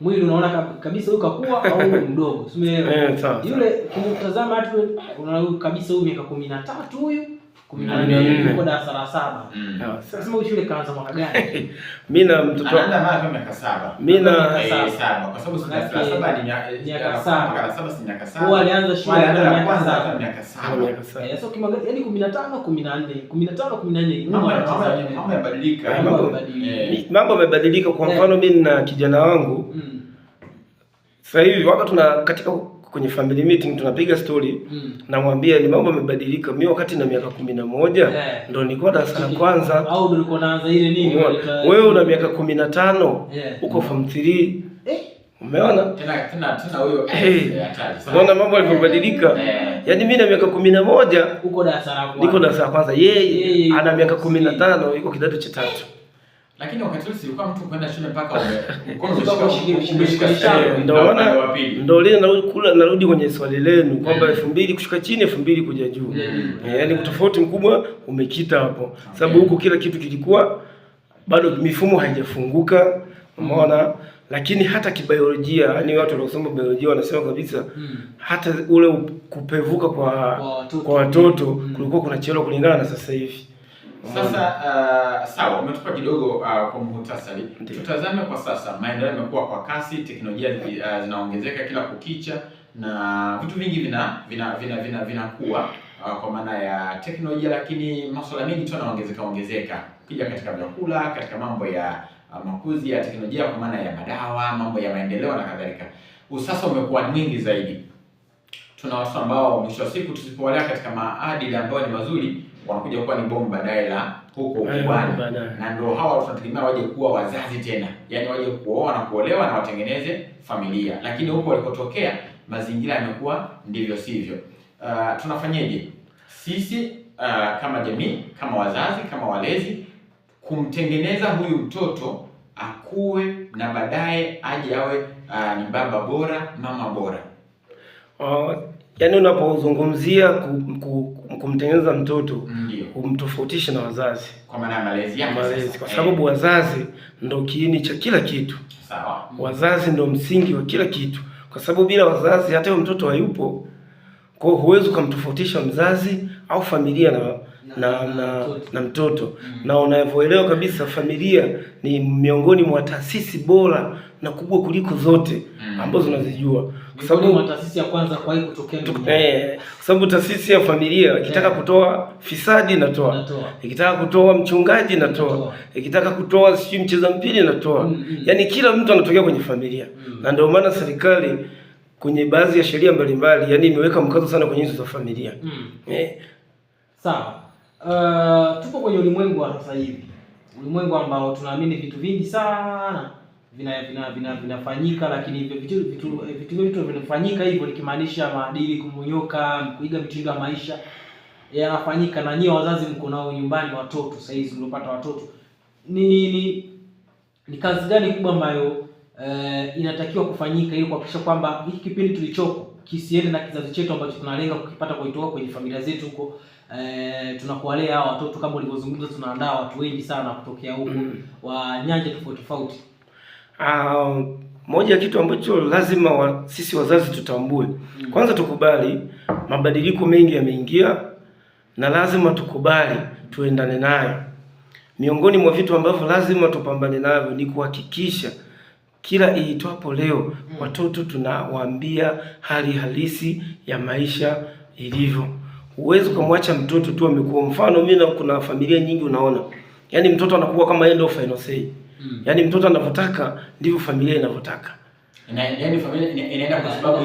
mwili unaona kabisa huyu kakua au mdogo, sumeelewa? Eh, yule kumtazama hata unaona kabisa, huyu miaka kumi na tatu huyu mimi mm. na mtoto kwa Mambo yamebadilika. kwa eh. mfano mimi na kijana wangu mm. sasa hivi tuna katika kwenye family meeting tunapiga story mm. namwambia ni mambo yamebadilika. Mimi wakati na miaka kumi na moja yeah. ndo nilikuwa darasa la kwanza, au nilikuwa naanza ile nini, wewe una miaka kumi na tano uko form 3 eh. Umeona? Tena tena tena huyo. Hey. Eh. Eh, Umeona Unaona mambo yalivyobadilika? Yeah. Yaani mimi na miaka 11 darasa la kwanza. niko darasa la kwanza, yeye yeah, yeah, ana miaka 15 yuko kidato cha tatu lakini wakati ule silikuwa mtu kwenda shule mpaka ndo lile narudi kwenye swali lenu kwamba eh. elfu mbili kushuka chini elfu mbili kuja juu eh, yaani eh. utofauti mkubwa umekita hapo ah, sababu huko kila kitu kilikuwa bado mifumo haijafunguka umeona lakini hata kibiolojia yani watu wanaosoma biolojia wanasema kabisa hmm. hata ule kupevuka kwa kwa watoto, hmm. kulikuwa kuna chelo kulingana na sasa hivi sasa uh, sawa umetupa kidogo uh, kwa muhtasari, tutazame kwa sasa. Maendeleo yamekuwa kwa kasi, teknolojia uh, zinaongezeka kila kukicha na vitu vingi vina vinakuwa vina, vina, vina uh, kwa maana ya teknolojia, lakini masuala mengi tu yanaongezeka ongezeka, ukija katika vyakula, katika mambo ya uh, makuzi ya teknolojia kwa maana ya madawa, mambo ya maendeleo na kadhalika. Usasa umekuwa mwingi zaidi, tuna watu ambao mwisho wa siku tusipowalea katika maadili ambayo ni mazuri wanakuja kuwa ni bomu baadaye la huko eh, ukubwani, na ndio hawa tunategemea waje kuwa wazazi tena, yaani waje kuoa na kuolewa na watengeneze familia, lakini huko walikotokea mazingira yamekuwa ndivyo sivyo. Uh, tunafanyeje sisi uh, kama jamii, kama wazazi, kama walezi kumtengeneza huyu mtoto akuwe na baadaye aje awe uh, ni baba bora, mama bora. Uh, yaani unapozungumzia ku, ku, kumtengeneza mtoto umtofautishe na wazazi kwa maana malezi yake malezi, kwa sababu eh. wazazi ndo kiini cha kila kitu sawa. Wazazi ndo msingi wa kila kitu, kwa sababu bila wazazi hata mtoto hayupo. Kwa hiyo huwezi ukamtofautisha mzazi au familia na na na, na mtoto mm. na unavyoelewa kabisa familia ni miongoni mwa taasisi bora na kubwa kuliko zote mm. ambazo unazijua kwa sababu taasisi ya kwanza kwa hiyo kutokea eh, kwa sababu taasisi ya familia eh. ikitaka yeah. kutoa fisadi natoa, ikitaka kutoa mchungaji natoa, ikitaka kutoa si mcheza mpira natoa mm -hmm. yaani kila mtu anatokea kwenye familia mm -hmm. na ndio maana serikali kwenye baadhi ya sheria mbalimbali, yaani imeweka mkazo sana kwenye hizo za familia mm. eh. sawa Eh, tupo kwenye ulimwengu wa sasa hivi, ulimwengu ambao tunaamini vitu vingi sana vina vina vina vinafanyika, lakini hivyo vitu vitu vitu vitu vinafanyika hivyo, nikimaanisha maadili kumonyoka, kuiga mtindo wa maisha yanafanyika, na nyie wazazi mko nao nyumbani, watoto sasa hizi mliopata watoto, ni ni ni kazi gani kubwa ambayo eh, inatakiwa kufanyika ili kuhakikisha kwamba hiki kipindi tulichoko kisiende na kizazi chetu ambacho tunalenga kukipata kuitoa kwenye familia zetu huko. E, tunakuwalea hao watoto kama ulivyozungumza, tunaandaa watu wengi sana kutokea huko mm. wa nyanja tofauti tofauti. Uh, moja ya kitu ambacho lazima wa, sisi wazazi tutambue mm. Kwanza tukubali mabadiliko mengi yameingia, na lazima tukubali tuendane nayo. Miongoni mwa vitu ambavyo lazima tupambane navyo ni kuhakikisha kila iitwapo leo, mm. watoto tunawaambia hali halisi ya maisha ilivyo. Huwezi kumwacha mtoto tu amekuwa. Mfano mimi na kuna familia nyingi unaona, yaani mtoto anakuwa kama yeye ndio final say, mm. yaani mtoto anavyotaka ndivyo familia inavyotaka.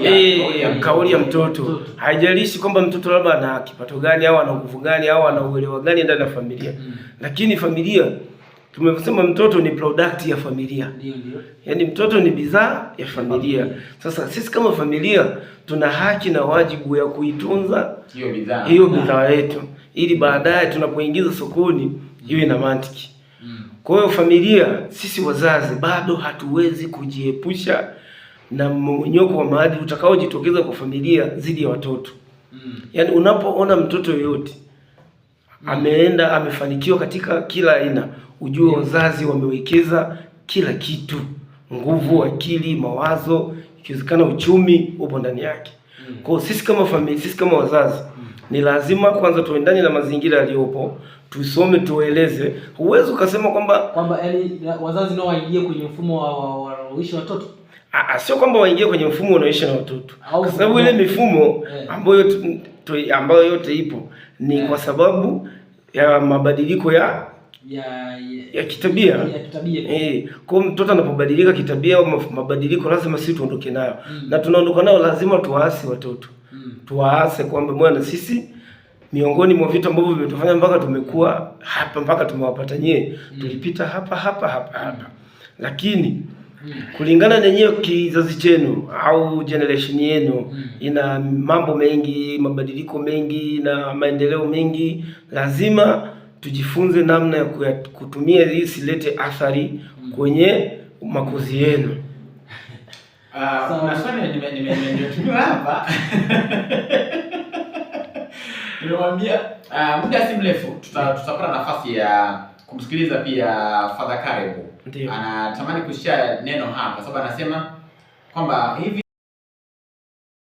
E, kauli ya mtoto haijalishi kwamba mtoto labda ana kipato gani au ana nguvu gani au ana uelewa gani ndani ya familia, mm. lakini familia Tumesema mtoto ni product ya familia. Ndio ndio. Yaani mtoto ni bidhaa ya familia. Sasa sisi kama familia tuna haki na wajibu ya kuitunza hiyo bidhaa. Hiyo bidhaa yetu ili baadaye tunapoingiza sokoni iwe na mantiki. Mm. Kwa hiyo familia, sisi wazazi bado hatuwezi kujiepusha na mmonyoko wa maadili utakaojitokeza kwa familia dhidi ya watoto. Mm. Yaani unapoona mtoto yoyote Mm. ameenda amefanikiwa katika kila aina, ujue mm. wazazi wamewekeza kila kitu, nguvu, mm. akili, mawazo, ikiwezekana uchumi upo ndani yake. Kwa sisi kama familia, sisi kama wazazi ni lazima kwanza tuendane na mazingira yaliyopo, tusome, tueleze. Huwezi ukasema kwamba kwamba yani wazazi nao waingie kwenye mfumo wa wanaoishi watoto sio kwamba waingie kwenye mfumo unaoishi na watoto, kwa sababu ile mifumo eh. ambayo ambayo yote ipo ni yeah. kwa eh. sababu ya mabadiliko ya ya, ya kitabia ya kitabia. Eh, kwa mtoto anapobadilika kitabia au mabadiliko lazima sisi tuondoke nayo mm. na tunaondoka nayo lazima tuwaase watoto mm. tuwaase kwamba bwana, sisi miongoni mwa vitu ambavyo vimetufanya mpaka tumekuwa hapa mpaka tumewapata nyie mm. tulipita hapa hapa hapa hapa mm. lakini kulingana na nyewe kizazi chenu au generation yenu ina mambo mengi, mabadiliko mengi na maendeleo mengi, lazima tujifunze namna ya kutumia ili silete athari kwenye makozi yenu. Ah, hapa ah, muda si mrefu tutapata nafasi ya kumsikiliza pia Father Karebo anatamani kushare neno hapa sababu anasema kwamba hivi